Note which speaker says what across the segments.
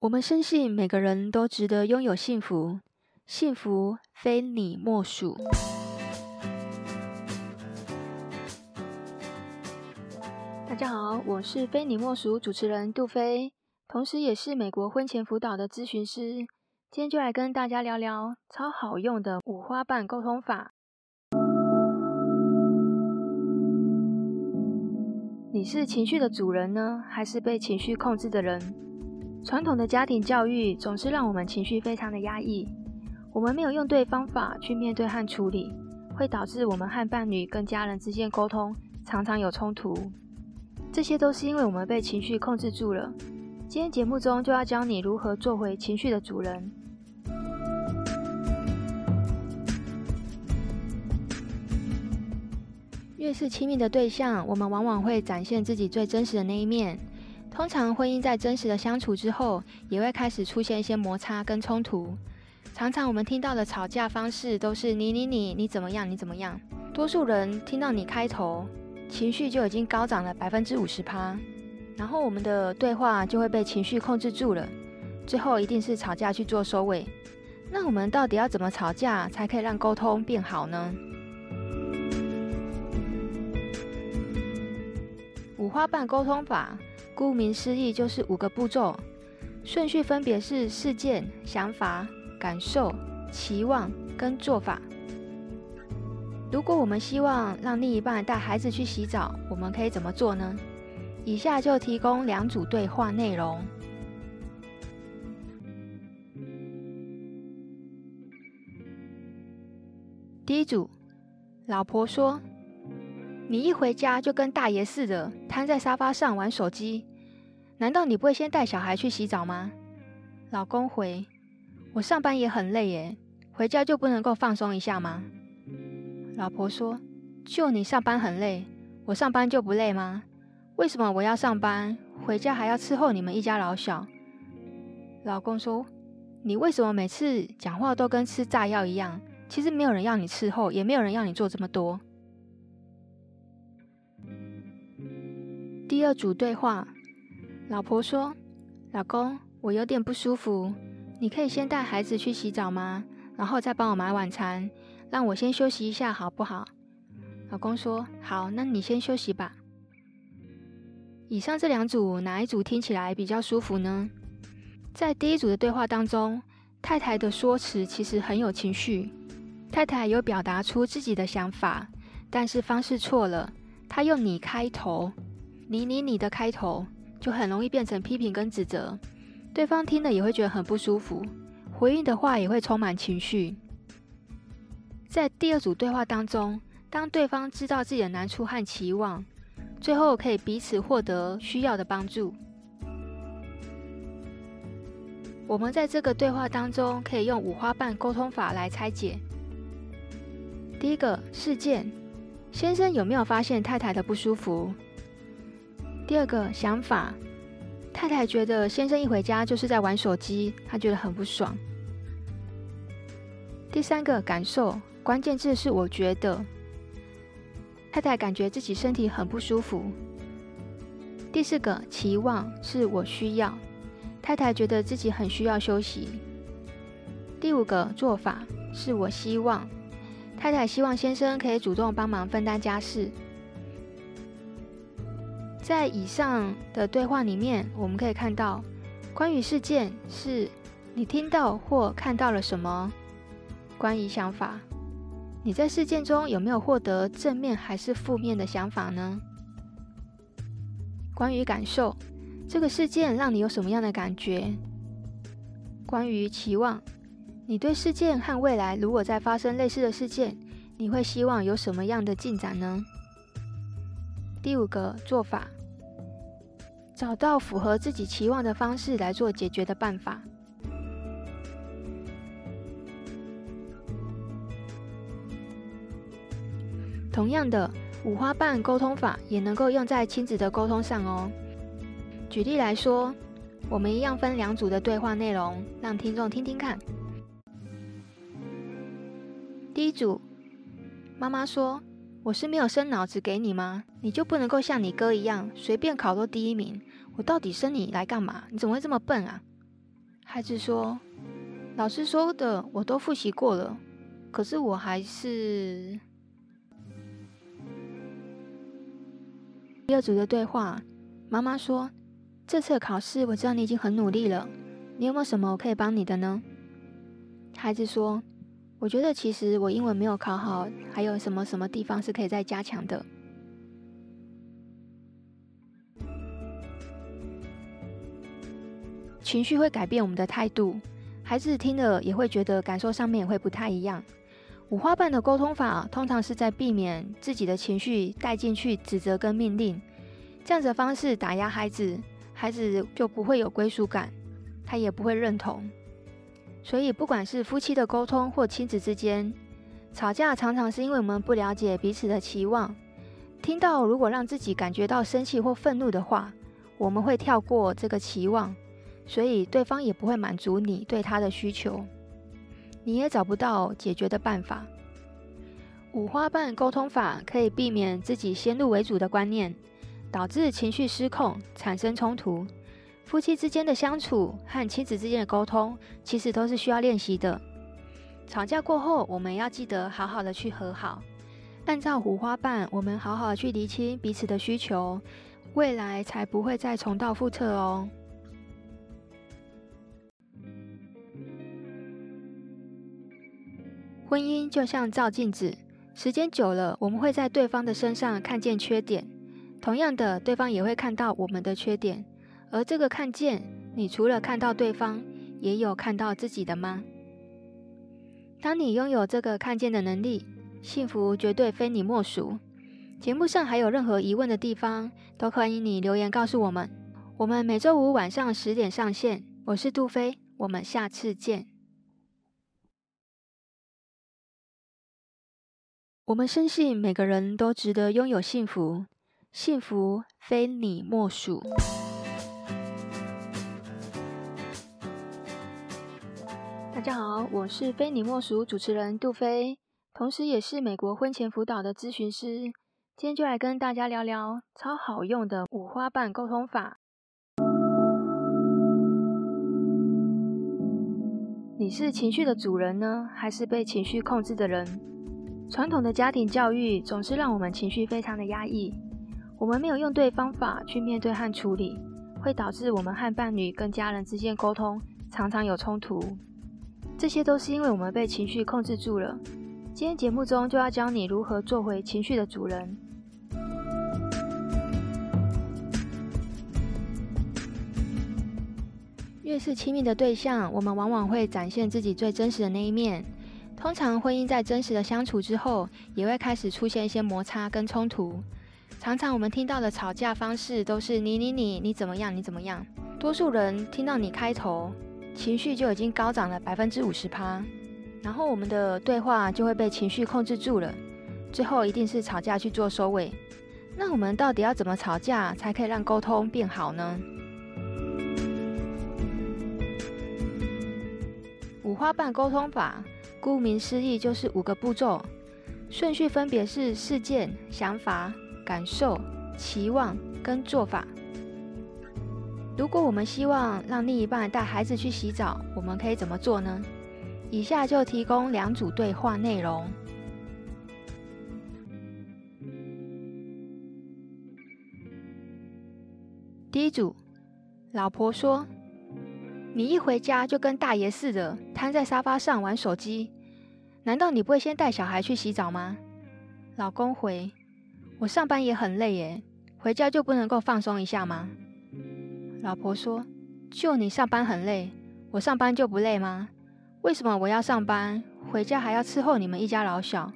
Speaker 1: 我們深信每個人都值得擁有幸福，幸福非你莫屬。大家好，我是菲妳莫屬主持人杜菲，同時也是美國婚前輔導的諮詢師。今天就來跟大家聊聊超好用的五花瓣溝通法。你是情緒的主人呢，還是被情緒控制的人？傳統的家庭教育總是讓我們情緒非常的壓抑，我們沒有用對方法去面對和處理，會導致我們和伴侶、跟家人之間溝通常常有衝突。這些都是因為我們被情緒控制住了。今天節目中就要教你如何做回情緒的主人。越是親密的對象，我們往往會展現自己最真實的那一面。通常婚姻在真實的相處之後，也會開始出現一些摩擦跟衝突。常常我們聽到的吵架方式都是你你你你，怎麼樣你怎麼樣。多數人聽到你開頭，情緒就已經高漲了百分之五十趴，然後我們的對話就會被情緒控制住了，最後一定是吵架去做收尾。那我們到底要怎麼吵架，才可以讓溝通變好呢？五花瓣溝通法。顧名思義，就是五個步驟，順序分別是事件、想法、感受、期望跟做法。如果我們希望讓另一半帶孩子去洗澡，我們可以怎麼做呢？以下就提供兩組對話內容。第一組，老婆說：“你一回家就跟大爺似的，癱在沙發上玩手機。”難道你不會先帶小孩去洗澡嗎？老公回：我上班也很累耶，回家就不能夠放鬆一下嗎？老婆說：就你上班很累，我上班就不累嗎？為什麼我要上班，回家還要伺候你們一家老小？老公說：你為什麼每次講話都跟吃炸藥一樣？其實沒有人要你伺候，也沒有人要你做這麼多。第二組對話。老婆說：“老公，我有點不舒服，你可以先帶孩子去洗澡嗎？然後再幫我買晚餐，讓我先休息一下，好不好？”老公說：“好，那你先休息吧。”以上這兩組哪一組聽起來比較舒服呢？在第一組的對話當中，太太的說辭其實很有情緒，太太有表達出自己的想法，但是方式錯了，她用“你”開頭，“你、你、你的”開頭。就很容易變成批評跟指責，對方聽了也會覺得很不舒服，回應的話也會充滿情緒。在第二組對話當中，當對方知道自己的難處和期望，最後可以彼此獲得需要的幫助。我們在這個對話當中可以用五花瓣溝通法來拆解。第一個事件：先生有沒有發現太太的不舒服？第二個想法，太太覺得先生一回家就是在玩手機，她覺得很不爽。第三個感受，關鍵字是我覺得，太太感覺自己身體很不舒服。第四個期望是我需要，太太覺得自己很需要休息。第五個做法是我希望，太太希望先生可以主動幫忙分擔家事。在以上的對話裡面，我們可以看到，關於事件是你聽到或看到了什麼？關於想法，你在事件中有沒有獲得正面還是負面的想法呢？關於感受，這個事件讓你有什麼樣的感覺？關於期望，你對事件和未來，如果再發生類似的事件，你會希望有什麼樣的進展呢？第五個做法。找到符合自己期望的方式來做解決的辦法。同樣的，五花瓣溝通法也能夠用在親子的溝通上哦。舉例來說，我們一樣分兩組的對話內容，讓聽眾聽聽看。第一組，媽媽說。我是沒有生腦子給你嗎？你就不能夠像你哥一樣隨便考到第一名？我到底生你來幹嘛？你怎麼會這麼笨啊？孩子說：“老師說的我都複習過了，可是我還是……”第二組的對話，媽媽說：“這次的考試我知道你已經很努力了，你有沒有什麼我可以幫你的呢？”孩子說。我覺得其實我英文沒有考好，還有什麼什麼地方是可以再加強的？情緒會改變我們的態度，孩子聽了也會覺得感受上面也會不太一樣。五花瓣的溝通法通常是在避免自己的情緒帶進去指責跟命令，這樣的方式打壓孩子，孩子就不會有歸屬感，他也不會認同。所以，不管是夫妻的溝通，或親子之間吵架，常常是因為我們不了解彼此的期望。聽到如果讓自己感覺到生氣或憤怒的話，我們會跳過這個期望，所以對方也不會滿足你對他的需求，你也找不到解決的辦法。五花瓣溝通法可以避免自己先入為主的觀念，導致情緒失控，產生衝突。夫妻之間的相處和親子之間的溝通，其實都是需要練習的。吵架過後，我們要記得好好的去和好，按照五花瓣，我們好好的去釐清彼此的需求，未來才不會再重蹈覆轍哦。婚姻就像照鏡子，時間久了，我們會在對方的身上看見缺點，同樣的，對方也會看到我們的缺點。而這個看見，你除了看到對方，也有看到自己的嗎？當你擁有這個看見的能力，幸福絕對非你莫屬。節目上還有任何疑問的地方，都歡迎你留言告訴我們。我們每周五晚上十點上線。我是杜菲，我們下次見。我們深信每個人都值得擁有幸福，幸福非你莫屬。大家好，我是菲妳莫屬主持人杜菲，同時也是美國婚前輔導的諮詢師。今天就來跟大家聊聊超好用的五花瓣溝通法。你是情緒的主人呢？還是被情緒控制的人？傳統的家庭教育總是讓我們情緒非常的壓抑，我們沒有用對方法去面對和處理，會導致我們和伴侶、跟家人之間溝通常常有衝突。這些都是因為我們被情緒控制住了。今天節目中就要教你如何做回情緒的主人。越是親密的對象，我們往往會展現自己最真實的那一面。通常婚姻在真實的相處之後，也會開始出現一些摩擦跟衝突。常常我們聽到的吵架方式都是“你、你、你、你怎麼樣？你怎麼樣？”多數人聽到“你”開頭，情緒就已經高漲了百分之五十趴，然後我們的對話就會被情緒控制住了，最後一定是吵架去做收尾。那我們到底要怎麼吵架才可以讓溝通變好呢？五花瓣溝通法，顧名思義就是五個步驟，順序分別是事件、想法、感受、期望跟做法。如果我們希望讓另一半帶孩子去洗澡，我們可以怎麼做呢？以下就提供兩組對話內容。第一組，老婆說：“你一回家就跟大爺似的癱在沙發上玩手機，難道你不會先帶小孩去洗澡嗎？”老公回：“我上班也很累耶，回家就不能夠放鬆一下嗎？”老婆說：“就你上班很累，我上班就不累嗎？為什麼我要上班，回家還要伺候你們一家老小？”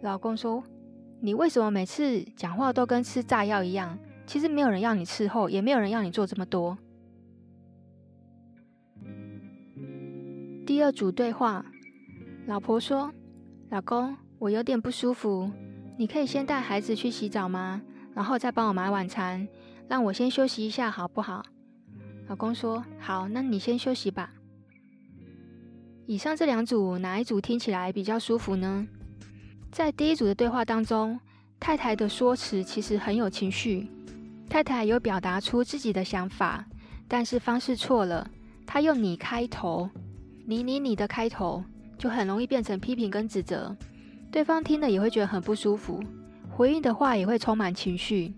Speaker 1: 老公說：“你為什麼每次講話都跟吃炸藥一樣？其實沒有人要你伺候，也沒有人要你做這麼多。”第二組對話：老婆說：“老公，我有點不舒服，你可以先帶孩子去洗澡嗎？然後再幫我買晚餐。”讓我先休息一下，好不好？老公說：“好，那你先休息吧。”以上這兩組哪一組聽起來比較舒服呢？在第一組的對話當中，太太的說辭其實很有情緒，太太有表達出自己的想法，但是方式錯了。她用“你”開頭，“你、你、你的”開頭就很容易變成批評跟指責，對方聽了也會覺得很不舒服，回應的話也會充滿情緒。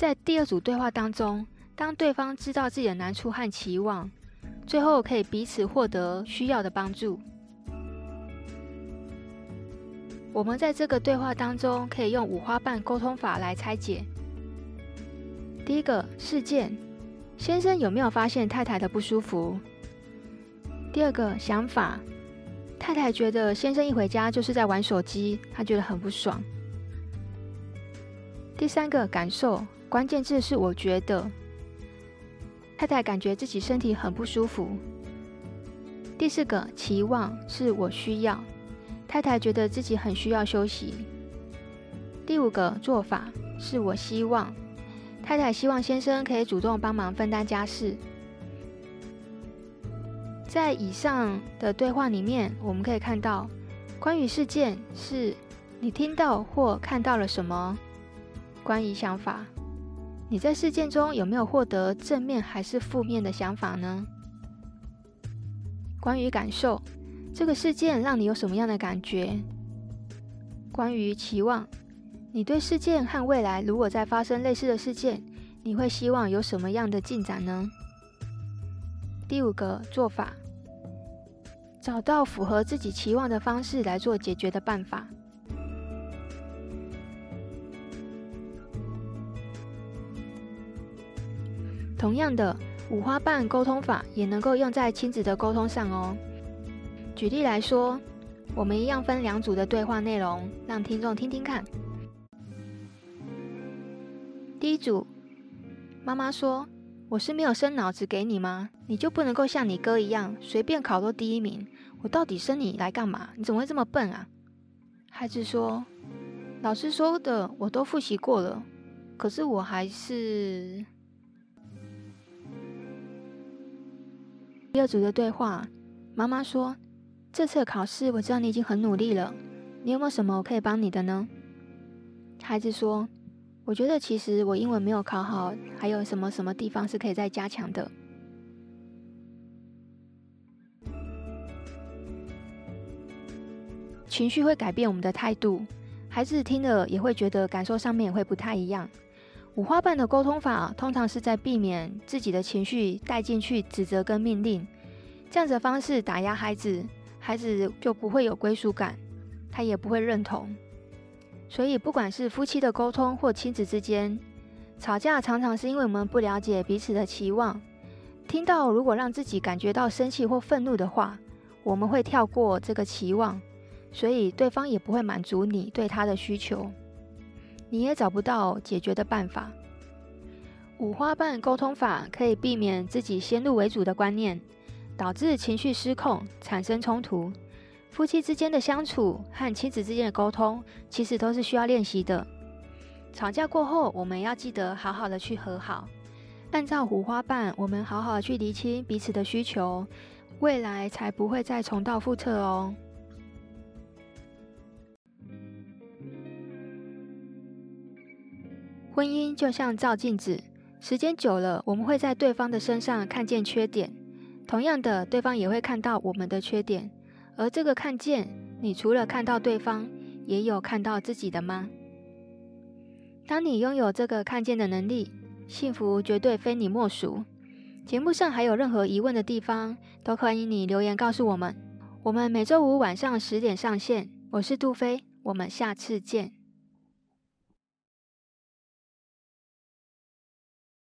Speaker 1: 在第二組對話當中，當對方知道自己的難處和期望，最後可以彼此獲得需要的幫助。我們在這個對話當中可以用五花瓣溝通法來拆解。第一個事件：先生有沒有發現太太的不舒服？第二個想法：太太覺得先生一回家就是在玩手機，她覺得很不爽。第三個感受關鍵字是“我覺得太太感覺自己身體很不舒服”。第四個期望是，我需要太太覺得自己很需要休息。第五個做法是，我希望太太希望先生可以主動幫忙分擔家事。在以上的對話裡面，我們可以看到關於事件是你聽到或看到了什麼。關於想法，你在事件中有沒有獲得正面還是負面的想法呢？關於感受，這個事件讓你有什麼樣的感覺？關於期望，你對事件和未來如果再發生類似的事件，你會希望有什麼樣的進展呢？第五個做法，找到符合自己期望的方式來做解決的辦法。同樣的，五花瓣溝通法也能夠用在親子的溝通上哦。舉例來說，我們一樣分兩組的對話內容，讓聽眾聽聽看。第一組，媽媽說：“我是沒有生腦子給你嗎？你就不能夠像你哥一樣隨便考到第一名？我到底生你來幹嘛？你怎麼會這麼笨啊？”孩子說：“老師說的我都複習過了，可是我還是……”第二組的對話，媽媽說：“這次的考試，我知道你已經很努力了，你有沒有什麼我可以幫你的呢？”孩子說：“我覺得其實我英文沒有考好，還有什麼什麼地方是可以再加強的。”情緒會改變我們的態度，孩子聽了也會覺得感受上面也會不太一樣。五花瓣的溝通法，通常是在避免自己的情緒帶進去指責跟命令，這樣的方式打壓孩子，孩子就不會有歸屬感，他也不會認同。所以，不管是夫妻的溝通或親子之間，吵架常常是因為我們不了解彼此的期望。聽到如果讓自己感覺到生氣或憤怒的話，我們會跳過這個期望，所以對方也不會滿足你對他的需求。你也找不到解決的辦法。五花瓣溝通法可以避免自己先入為主的觀念，導致情緒失控，產生衝突。夫妻之間的相處和親子之間的溝通，其實都是需要練習的。吵架過後，我們要記得好好的去和好。按照五花瓣，我們好好的去釐清彼此的需求，未來才不會再重蹈覆轍哦。婚姻就像照鏡子，時間久了，我們會在對方的身上看見缺點。同樣的，對方也會看到我們的缺點。而這個看見，你除了看到對方，也有看到自己的嗎？當你擁有這個看見的能力，幸福絕對非你莫屬。節目上還有任何疑問的地方，都歡迎你留言告訴我們。我們每周五晚上十點上線。我是杜菲，我們下次見。